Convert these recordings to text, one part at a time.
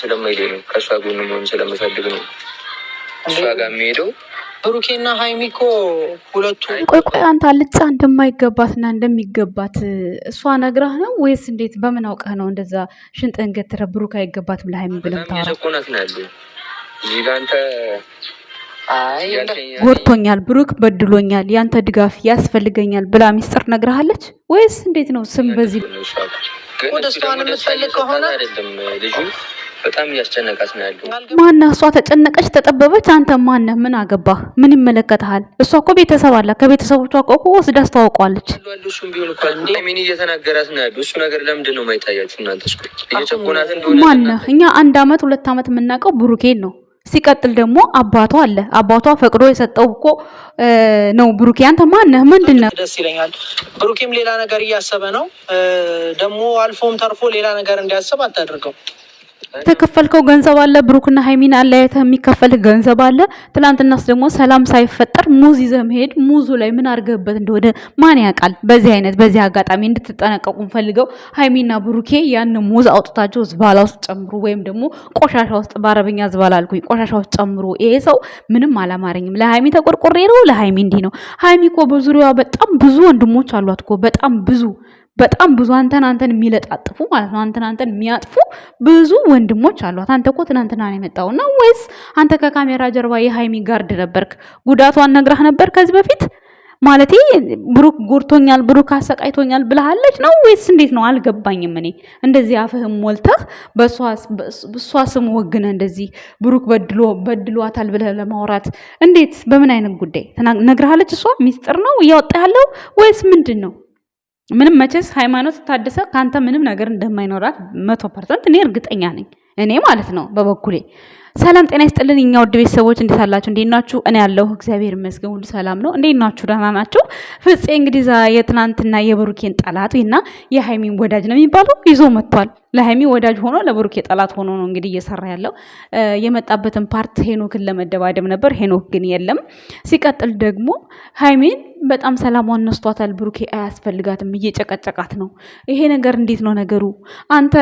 ስለማይሄድ ነው። ከእሷ ጎን መሆን ስለምፈልግ ነው እሷ ጋር የሚሄደው። ብሩኬና ሀይሚኮ ሁለቱ ቆይ ቆይ፣ አንተ አልጫ እንደማይገባትና እንደሚገባት እሷ ነግራህ ነው ወይስ እንዴት? በምን አውቀህ ነው እንደዛ ሽንጥህን ገትረህ ብሩክ አይገባትም ለሀይሚ ብለህ ታራቆናት ነው ያለ እዚህ ጋር አንተ ጎድቶኛል፣ ብሩክ በድሎኛል፣ ያንተ ድጋፍ ያስፈልገኛል ብላ ሚስጥር ነግረሃለች ወይስ እንዴት ነው? ስም በዚህ ወደ ደስታዋን የምትፈልግ ከሆነ በጣም እያስጨነቃት ነው ያለው። ማና እሷ ተጨነቀች፣ ተጠበበች። አንተ ማነ? ምን አገባ? ምን ይመለከትሃል? እሷ እኮ ቤተሰብ አላ። ከቤተሰቦቿ እኮ እኮ ወስዳ አስተዋውቋለች። እሱም ቢሆን እኮ ሚኒ እየተናገራት ነው ያለው። እሱ ነገር ለምንድን ነው የማይታያችሁ እናንተ? እየጨቆናት እንደሆነ ማነ? እኛ አንድ አመት ሁለት አመት የምናውቀው ብሩኬን ነው። ሲቀጥል ደግሞ አባቷ አለ። አባቷ ፈቅዶ የሰጠው እኮ ነው። ብሩኬ አንተ ማነህ? ምንድን ነህ? ደስ ይለኛል። ብሩኬም ሌላ ነገር እያሰበ ነው። ደግሞ አልፎም ተርፎ ሌላ ነገር እንዲያስብ አታድርገው። የተከፈልከው ገንዘብ አለ። ብሩክና ሃይሚን አለያየተህ የሚከፈልህ ገንዘብ አለ። ትናንትናስ ደግሞ ሰላም ሳይፈጠር ሙዝ ይዘህ መሄድ ሙዙ ላይ ምን አድርገህበት እንደሆነ ማን ያውቃል? በዚህ አይነት በዚህ አጋጣሚ እንድትጠነቀቁ ፈልገው ሃይሚና ብሩኬ ያን ሙዝ አውጥታቸው ዝባላ ውስጥ ጨምሩ፣ ወይም ደግሞ ቆሻሻ ውስጥ በአረበኛ ዝባላ አልኩኝ፣ ቆሻሻ ውስጥ ጨምሩ። ይሄ ሰው ምንም አላማረኝም። ለሃይሚ ተቆርቆሬ ነው፣ ለሃይሚ እንዲህ ነው። ሃይሚ እኮ በዙሪያዋ በጣም ብዙ ወንድሞች አሏት እኮ በጣም ብዙ በጣም ብዙ አንተን አንተን የሚለጣጥፉ ማለት ነው አንተን አንተን የሚያጥፉ ብዙ ወንድሞች አሏት። አንተ እኮ ትናንትና ነው ወይስ አንተ ከካሜራ ጀርባ የሃይሚ ጋርድ ነበርክ? ጉዳቷን ነግራህ ነበር ከዚህ በፊት ማለት ብሩክ ጎርቶኛል፣ ብሩክ አሰቃይቶኛል ብለሃለች ነው ወይስ እንዴት ነው? አልገባኝም። እኔ እንደዚህ አፍህም ሞልተህ በእሷ ስም ወግነ እንደዚህ ብሩክ በድሎ በድሏታል ብለህ ለማውራት እንዴት፣ በምን አይነት ጉዳይ ነግርሃለች? እሷ ሚስጥር ነው እያወጣ ያለው ወይስ ምንድን ነው? ምንም መቼስ ሃይማኖት ታደሰ ከአንተ ምንም ነገር እንደማይኖራት መቶ ፐርሰንት እኔ እርግጠኛ ነኝ። እኔ ማለት ነው በበኩሌ። ሰላም ጤና ይስጥልን። እኛ ውድ ቤተሰቦች እንዴት አላችሁ? እንዴት ናችሁ? እኔ ያለሁ እግዚአብሔር ይመስገን ሁሉ ሰላም ነው። እንዴት ናችሁ? ደህና ናችሁ? ፍፄ እንግዲህ የትናንትና የብሩኬን ጠላት እና የሀይሚን ወዳጅ ነው የሚባለው ይዞ መጥቷል። ለሀይሚ ወዳጅ ሆኖ ለብሩኬ ጠላት ሆኖ ነው እንግዲህ እየሰራ ያለው። የመጣበትን ፓርት ሄኖክን ለመደባደብ ነበር። ሄኖክ ግን የለም። ሲቀጥል ደግሞ ሀይሚን በጣም ሰላሟን ነስቷታል። ብሩኬ አያስፈልጋትም፣ እየጨቀጨቃት ነው። ይሄ ነገር እንዴት ነው ነገሩ? አንተ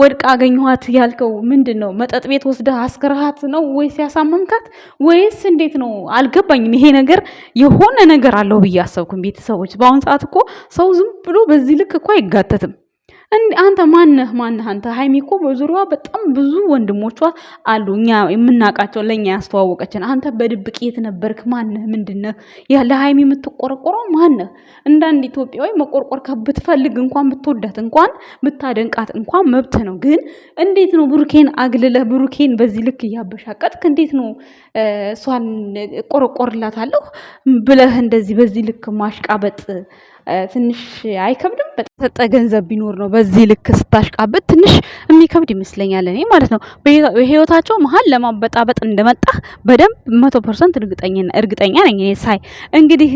ወድቃ አገኘኋት ያልከው ምንድን ነው? መጠጥ ቤት ወስደህ አስክርሃት ነው ወይስ ያሳመምካት ወይስ እንዴት ነው? አልገባኝም። ይሄ ነገር የሆነ ነገር አለው ብዬ አሰብኩኝ። ቤተሰቦች፣ በአሁኑ ሰዓት እኮ ሰው ዝም ብሎ በዚህ ልክ እኮ አይጋተትም። አንተ ማነህ ማነህ አንተ? ሀይሚ እኮ በዙሪያዋ በጣም ብዙ ወንድሞቿ አሉ፣ እኛ የምናውቃቸው ለእኛ ያስተዋወቀችን። አንተ በድብቅ የት ነበርክ? ማነህ? ምንድነህ? ለሀይሚ የምትቆረቆረው ማነህ? እንዳንድ ኢትዮጵያዊ መቆርቆር ብትፈልግ እንኳን ብትወዳት እንኳን ብታደንቃት እንኳን መብት ነው። ግን እንዴት ነው ብሩኬን አግልለህ ብሩኬን በዚህ ልክ እያበሻቀጥክ እንዴት ነው እሷን ቆረቆርላታለሁ ብለህ እንደዚህ በዚህ ልክ ማሽቃበጥ ትንሽ አይከብድም። በተሰጠ ገንዘብ ቢኖር ነው በዚህ ልክ ስታሽቃበት ትንሽ የሚከብድ ይመስለኛል እኔ ማለት ነው። በህይወታቸው መሀል ለማበጣበጥ እንደመጣ በደንብ መቶ ፐርሰንት እርግጠኛ ነኝ እኔ ሳይ። እንግዲህ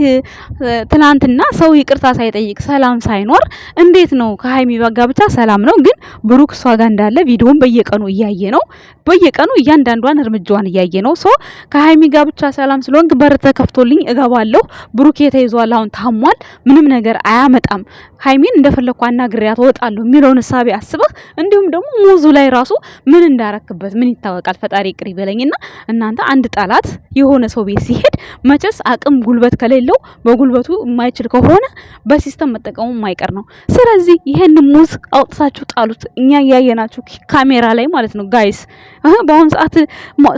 ትናንትና ሰው ይቅርታ ሳይጠይቅ ሰላም ሳይኖር እንዴት ነው ከሀይሚ ባጋ ብቻ ሰላም ነው፣ ግን ብሩክ እሷ ጋር እንዳለ ቪዲዮን በየቀኑ እያየ ነው። በየቀኑ እያንዳንዷን እርምጃዋን እያየ ነው። ሶ ከሀይሚ ጋር ብቻ ሰላም ስለሆንክ በር ተከፍቶልኝ እገባለሁ፣ ብሩክ ተይዟል፣ አሁን ታሟል፣ ምንም ነገር አያመጣም፣ ሀይሜን እንደፈለግኩ አናግሬያት ወጣለሁ የሚለውን እሳቤ አስበህ እንዲሁም ደግሞ ሙዙ ላይ ራሱ ምን እንዳረክበት ምን ይታወቃል። ፈጣሪ ቅሪ በለኝና እናንተ አንድ ጠላት የሆነ ሰው ቤት ሲሄድ መቼስ አቅም ጉልበት ከሌለው በጉልበቱ የማይችል ከሆነ በሲስተም መጠቀሙ የማይቀር ነው። ስለዚህ ይሄን ሙዝ አውጥታችሁ ጣሉት። እኛ እያየናችሁ ካሜራ ላይ ማለት ነው ጋይስ። በአሁኑ ሰዓት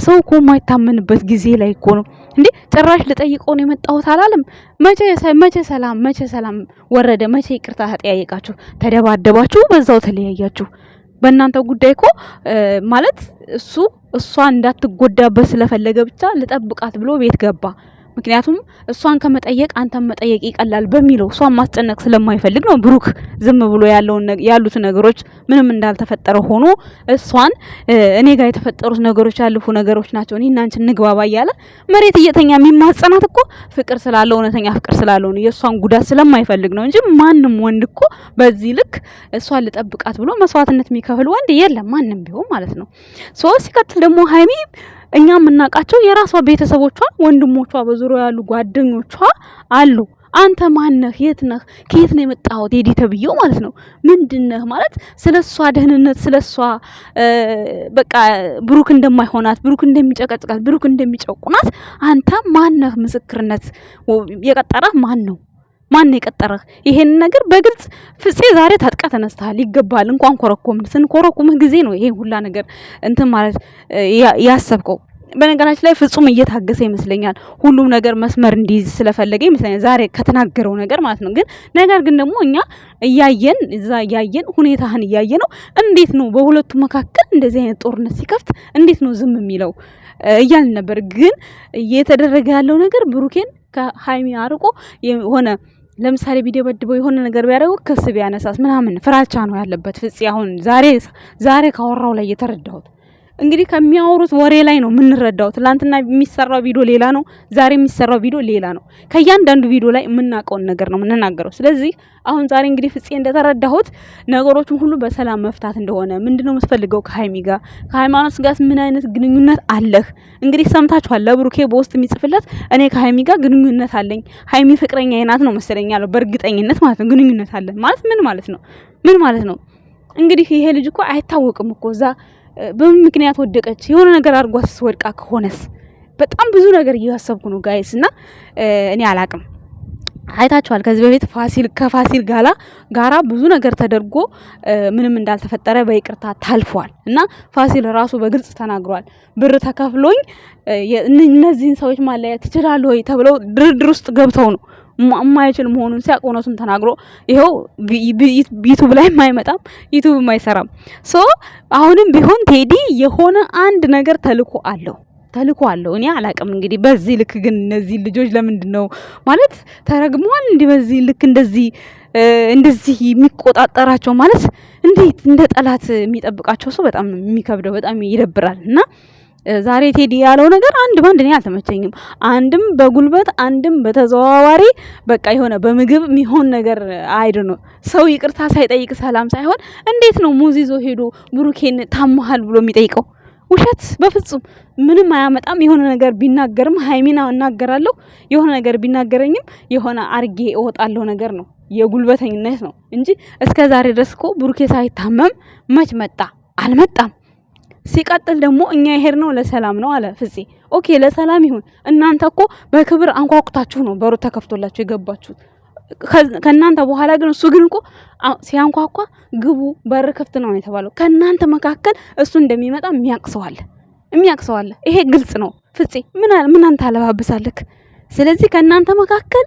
ሰው እኮ የማይታመንበት ጊዜ ላይ እኮ ነው እንዴ። ጭራሽ ልጠይቀውን የመጣሁት አላለም። መቼ ሰላም መቼ ሰላም ሰላም ወረደ። መቼ ይቅርታ ተጠያየቃችሁ? ተደባደባችሁ፣ በዛው ተለያያችሁ። በእናንተ ጉዳይ እኮ ማለት እሱ እሷ እንዳትጎዳበት ስለፈለገ ብቻ ልጠብቃት ብሎ ቤት ገባ። ምክንያቱም እሷን ከመጠየቅ አንተን መጠየቅ ይቀላል በሚለው እሷን ማስጨነቅ ስለማይፈልግ ነው። ብሩክ ዝም ብሎ ያሉት ነገሮች ምንም እንዳልተፈጠረ ሆኖ እሷን እኔ ጋር የተፈጠሩት ነገሮች ያለፉ ነገሮች ናቸው፣ እኔ እናንቺ እንግባባ እያለ መሬት እየተኛ የሚማጸናት እኮ ፍቅር ስላለው እውነተኛ ፍቅር ስላለው ነው። የእሷን ጉዳት ስለማይፈልግ ነው እንጂ ማንም ወንድ እኮ በዚህ ልክ እሷን ልጠብቃት ብሎ መስዋዕትነት የሚከፍል ወንድ የለም፣ ማንም ቢሆን ማለት ነው። ሶ ሲቀጥል ደግሞ ሀይሚ እኛ የምናውቃቸው የራሷ ቤተሰቦቿ፣ ወንድሞቿ፣ በዙሪያ ያሉ ጓደኞቿ አሉ። አንተ ማነህ? የት ነህ? ከየት ነው የመጣኸው? ቴዲ ተብዬው ማለት ነው። ምንድነህ ማለት ስለሷ ደህንነት፣ ስለሷ በቃ ብሩክ እንደማይሆናት፣ ብሩክ እንደሚጨቀጭቃት፣ ብሩክ እንደሚጨቁናት አንተ ማነህ? ምስክርነት የቀጠረህ ማን ነው? ማን የቀጠረህ? ይሄን ነገር በግልጽ ፍፄ ዛሬ ታጥቃ ተነስተሃል። ይገባል። እንኳን ኮረኮምን። ስንኮረኩምህ ጊዜ ነው ይሄ ሁላ ነገር እንትን ማለት ያሰብከው። በነገራችን ላይ ፍጹም እየታገሰ ይመስለኛል። ሁሉም ነገር መስመር እንዲይዝ ስለፈለገ ይመስለኛል ዛሬ ከተናገረው ነገር ማለት ነው። ግን ነገር ግን ደግሞ እኛ እያየን እዛ እያየን ሁኔታህን እያየ ነው። እንዴት ነው በሁለቱ መካከል እንደዚህ አይነት ጦርነት ሲከፍት እንዴት ነው ዝም የሚለው እያልን ነበር። ግን እየተደረገ ያለው ነገር ብሩኬን ከሀይሚ አርቆ የሆነ ለምሳሌ ቢደበድበው የሆነ ነገር ቢያደርጉ ክስ ቢያነሳስ ምናምን ፍራቻ ነው ያለበት ፍጽ አሁን ዛሬ ዛሬ ካወራው ላይ የተረዳሁት እንግዲህ ከሚያወሩት ወሬ ላይ ነው የምንረዳው። ትላንትና የሚሰራው ቪዲዮ ሌላ ነው፣ ዛሬ የሚሰራው ቪዲዮ ሌላ ነው። ከእያንዳንዱ ቪዲዮ ላይ የምናውቀውን ነገር ነው የምንናገረው። ስለዚህ አሁን ዛሬ እንግዲህ ፍፄ እንደተረዳሁት ነገሮችን ሁሉ በሰላም መፍታት እንደሆነ ምንድነው የምትፈልገው ከሀይሚ ጋር ከሃይማኖት ጋር ምን አይነት ግንኙነት አለህ? እንግዲህ ሰምታችኋል። ለብሩኬ በውስጥ የሚጽፍለት እኔ ከሀይሚ ጋር ግንኙነት አለኝ፣ ሀይሚ ፍቅረኛ ናት ነው መሰለኝ ያለው። በእርግጠኝነት ማለት ነው ግንኙነት አለን ማለት ምን ማለት ነው? ምን ማለት ነው? እንግዲህ ይሄ ልጅ እኮ አይታወቅም እኮ እዛ በምን ምክንያት ወደቀች? የሆነ ነገር አድርጓስ ወድቃ ከሆነስ? በጣም ብዙ ነገር እያሰብኩ ነው ጋይስ እና እኔ አላቅም። አይታችኋል ከዚህ በፊት ፋሲል ከፋሲል ጋላ ጋራ ብዙ ነገር ተደርጎ ምንም እንዳልተፈጠረ በይቅርታ ታልፏል እና ፋሲል ራሱ በግልጽ ተናግሯል። ብር ተከፍሎኝ እነዚህን ሰዎች ማለያ ትችላለ ወይ ተብለው ድርድር ውስጥ ገብተው ነው የማይችል መሆኑን ሲያውቅ እውነቱን ተናግሮ ይኸው ዩቱብ ላይ አይመጣም፣ ዩቱብ አይሰራም። ሶ አሁንም ቢሆን ቴዲ የሆነ አንድ ነገር ተልኮ አለው ተልኮ አለው። እኔ አላቅም እንግዲህ በዚህ ልክ ግን እነዚህ ልጆች ለምንድን ነው ማለት ተረግመዋል። እንዲህ በዚህ ልክ እንደዚህ እንደዚህ የሚቆጣጠራቸው ማለት እንዴት እንደ ጠላት የሚጠብቃቸው ሰው በጣም የሚከብደው በጣም ይደብራል እና ዛሬ ቴዲ ያለው ነገር አንድ ባንድ እኔ አልተመቸኝም። አንድም በጉልበት አንድም በተዘዋዋሪ በቃ የሆነ በምግብ የሚሆን ነገር አይድ ነው። ሰው ይቅርታ ሳይጠይቅ ሰላም ሳይሆን እንዴት ነው ሙዝ ይዞ ሄዶ ብሩኬን ታመሃል ብሎ የሚጠይቀው? ውሸት በፍጹም ምንም አያመጣም። የሆነ ነገር ቢናገርም ሀይሚና እናገራለሁ የሆነ ነገር ቢናገረኝም የሆነ አርጌ እወጣለሁ ነገር ነው የጉልበተኝነት ነው እንጂ እስከ ዛሬ ድረስ እኮ ብሩኬ ሳይታመም መች መጣ? አልመጣም። ሲቀጥል ደግሞ እኛ ነው ለሰላም ነው አለ ፍፄ። ኦኬ ለሰላም ይሁን። እናንተ እኮ በክብር አንኳኩታችሁ ነው በሩ ተከፍቶላችሁ የገባችሁት። ከእናንተ በኋላ ግን እሱ ግን እኮ ሲያንኳኳ ግቡ በር ክፍት ነው የተባለው። ከእናንተ መካከል እሱ እንደሚመጣ የሚያቅሰዋለ የሚያቅሰዋለ። ይሄ ግልጽ ነው። ፍፄ ምን አንተ አለባብሳለክ። ስለዚህ ከእናንተ መካከል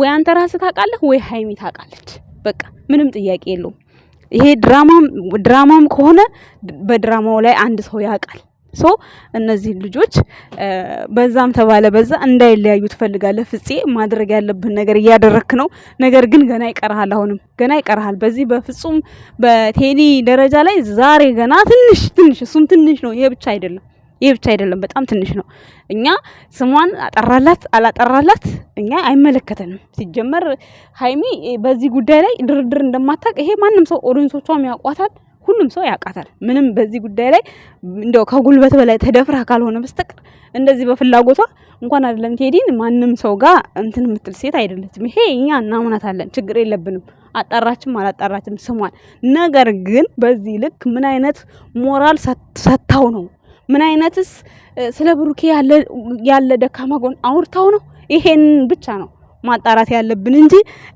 ወይ አንተ ራስህ ታውቃለህ ወይ ሀይሚ ታውቃለች። በቃ ምንም ጥያቄ የለውም። ይሄ ድራማም ድራማም ከሆነ በድራማው ላይ አንድ ሰው ያውቃል። ሶ እነዚህ ልጆች በዛም ተባለ በዛ እንዳይለያዩ ትፈልጋለህ። ፍፄ ማድረግ ያለብን ነገር እያደረክ ነው። ነገር ግን ገና ይቀርሃል፣ አሁንም ገና ይቀርሃል። በዚህ በፍጹም በቴኒ ደረጃ ላይ ዛሬ ገና ትንሽ ትንሽ እሱም ትንሽ ነው። ይሄ ብቻ አይደለም። ይህ ብቻ አይደለም፣ በጣም ትንሽ ነው። እኛ ስሟን አጠራላት አላጠራላት እኛ አይመለከተንም። ሲጀመር ሀይሚ በዚህ ጉዳይ ላይ ድርድር እንደማታውቅ ይሄ ማንም ሰው ኦዲየንሶቿም ያውቋታል፣ ሁሉም ሰው ያውቃታል። ምንም በዚህ ጉዳይ ላይ እንደው ከጉልበት በላይ ተደፍራ ካልሆነ በስተቀር እንደዚህ በፍላጎቷ እንኳን አይደለም ቴዲን ማንም ሰው ጋር እንትን የምትል ሴት አይደለችም። ይሄ እኛ እናምናታለን፣ ችግር የለብንም። አጣራችም አላጣራችም ስሟን። ነገር ግን በዚህ ልክ ምን አይነት ሞራል ሰጥታው ነው ምን አይነትስ ስለ ብሩኬ ያለ ደካማ ጎን አውርታው ነው? ይሄን ብቻ ነው ማጣራት ያለብን እንጂ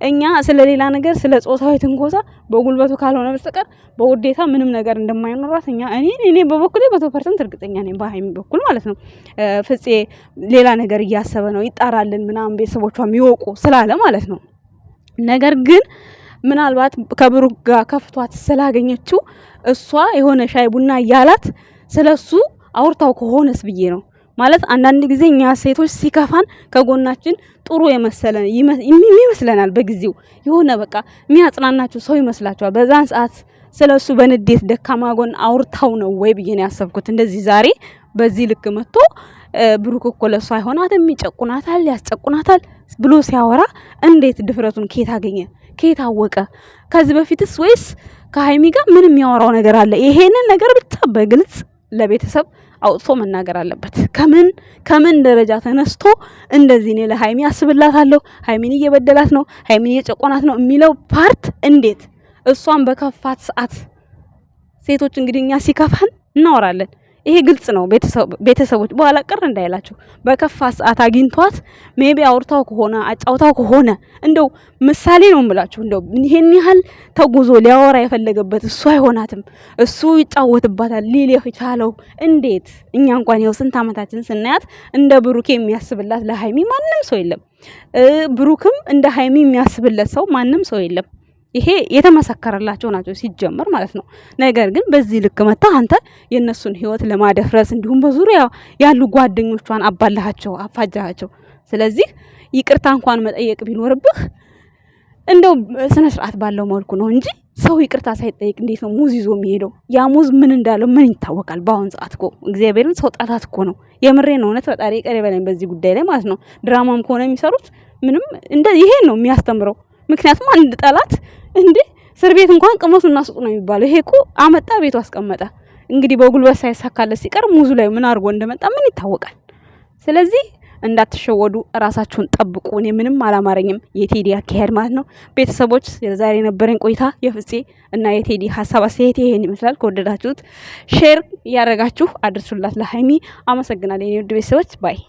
እኛ ስለ ሌላ ነገር ስለ ጾታዊ ትንኮሳ በጉልበቱ ካልሆነ በስተቀር በውዴታ ምንም ነገር እንደማይኖራት እኛ እኔ እኔ በበኩሌ መቶ ፐርሰንት እርግጠኛ ነኝ። በሀይሚ በኩል ማለት ነው። ፍፄ ሌላ ነገር እያሰበ ነው ይጣራልን ምናምን ቤተሰቦቿ ይወቁ ስላለ ማለት ነው። ነገር ግን ምናልባት ከብሩክ ጋር ከፍቷት ስላገኘችው እሷ የሆነ ሻይ ቡና እያላት ስለሱ አውርታው ከሆነስ ብዬ ነው። ማለት አንዳንድ ጊዜ እኛ ሴቶች ሲከፋን ከጎናችን ጥሩ የመሰለን ይመስለናል። በጊዜው የሆነ በቃ የሚያጽናናችሁ ሰው ይመስላችኋል። በዛን ሰዓት ስለ እሱ በንዴት ደካማ ጎን አውርታው ነው ወይ ብዬ ነው ያሰብኩት። እንደዚህ ዛሬ በዚህ ልክ መጥቶ ብሩክ እኮ ለእሱ አይሆናትም፣ ይጨቁናታል፣ ያስጨቁናታል ብሎ ሲያወራ እንዴት ድፍረቱን ከየት አገኘ? ከየት አወቀ? ከዚህ በፊትስ ወይስ ከሀይሚ ጋር ምን የሚያወራው ነገር አለ? ይሄንን ነገር ብቻ በግልጽ ለቤተሰብ አውጥቶ መናገር አለበት። ከምን ከምን ደረጃ ተነስቶ እንደዚህ እኔ ለሀይሚ አስብላታለሁ፣ ሀይሚን እየበደላት ነው፣ ሀይሚን እየጨቆናት ነው የሚለው ፓርት እንዴት እሷን በከፋት ሰዓት ሴቶች እንግዲህ እኛ ሲከፋን እናወራለን። ይሄ ግልጽ ነው። ቤተሰቦች በኋላ ቅር እንዳይላችሁ በከፋ ሰዓት አግኝቷት ሜቢ አውርታው ከሆነ አጫውታው ከሆነ እንደው ምሳሌ ነው የምላችሁ። እንደው ይሄን ያህል ተጉዞ ሊያወራ የፈለገበት እሱ አይሆናትም፣ እሱ ይጫወትባታል ሊል የቻለው እንዴት። እኛ እንኳን ያው ስንት ዓመታችን ስናያት እንደ ብሩክ የሚያስብላት ለሀይሚ ማንም ሰው የለም። ብሩክም እንደ ሀይሚ የሚያስብለት ሰው ማንም ሰው የለም። ይሄ የተመሰከረላቸው ናቸው ሲጀመር ማለት ነው። ነገር ግን በዚህ ልክ መታ አንተ የእነሱን ህይወት ለማደፍረስ እንዲሁም በዙሪያ ያሉ ጓደኞቿን አባላሃቸው፣ አፋጃሃቸው። ስለዚህ ይቅርታ እንኳን መጠየቅ ቢኖርብህ እንደው ስነ ስርዓት ባለው መልኩ ነው እንጂ ሰው ይቅርታ ሳይጠይቅ እንዴት ነው ሙዝ ይዞ የሚሄደው? ያ ሙዝ ምን እንዳለው ምን ይታወቃል? በአሁን ሰዓት እኮ እግዚአብሔርን ሰው ጠላት እኮ ነው። ነው። እውነት ፈጣሪ ይቅር ይበለኝ በዚህ ጉዳይ ላይ ማለት ነው። ድራማም ከሆነ የሚሰሩት ምንም ይሄን ነው የሚያስተምረው። ምክንያቱም አንድ ጠላት እንዴ እስር ቤት እንኳን ቅመሱ እናስጡ ነው የሚባለው። ይሄ እኮ አመጣ ቤቱ አስቀመጠ። እንግዲህ በጉልበት ሳይሳካለት ሲቀር ሙዙ ላይ ምን አድርጎ እንደመጣ ምን ይታወቃል። ስለዚህ እንዳትሸወዱ ራሳችሁን ጠብቁ። እኔ ምንም አላማረኝም የቴዲ አካሄድ ማለት ነው። ቤተሰቦች የዛሬ የነበረኝ ቆይታ የፍፄ እና የቴዲ ሀሳብ አስተያየት ይሄን ይመስላል። ከወደዳችሁት ሼር እያደረጋችሁ አድርሱላት። ለሀይሚ አመሰግናለሁ የኔ ውድ ቤተሰቦች ባይ